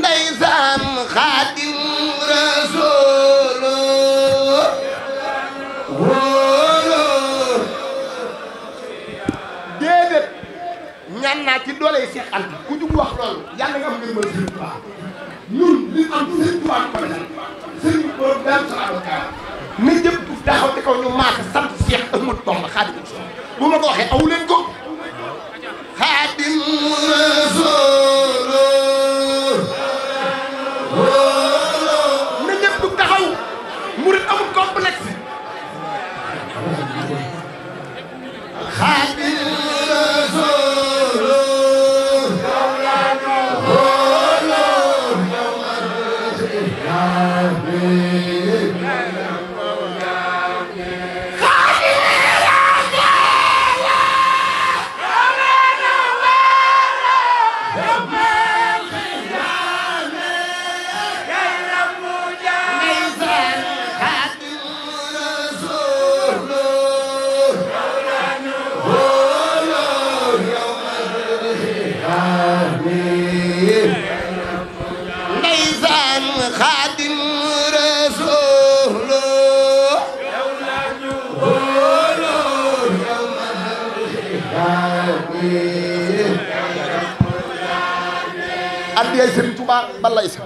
ndeysaan xaadim rasoolu wóolu déedéet ñaan naa ci doole yi Seex Anta ku jug wax loolu yàlla nga am ngërëmal Sëriñ Tuubaa li am Sëriñ Tuubaa ko dal Sëriñ Tuubaa daal sa avocat na jëpp taxaw bu ma ko waxee ko complexe Amen. addiyay Serigne Touba balay sa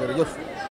jërëjëf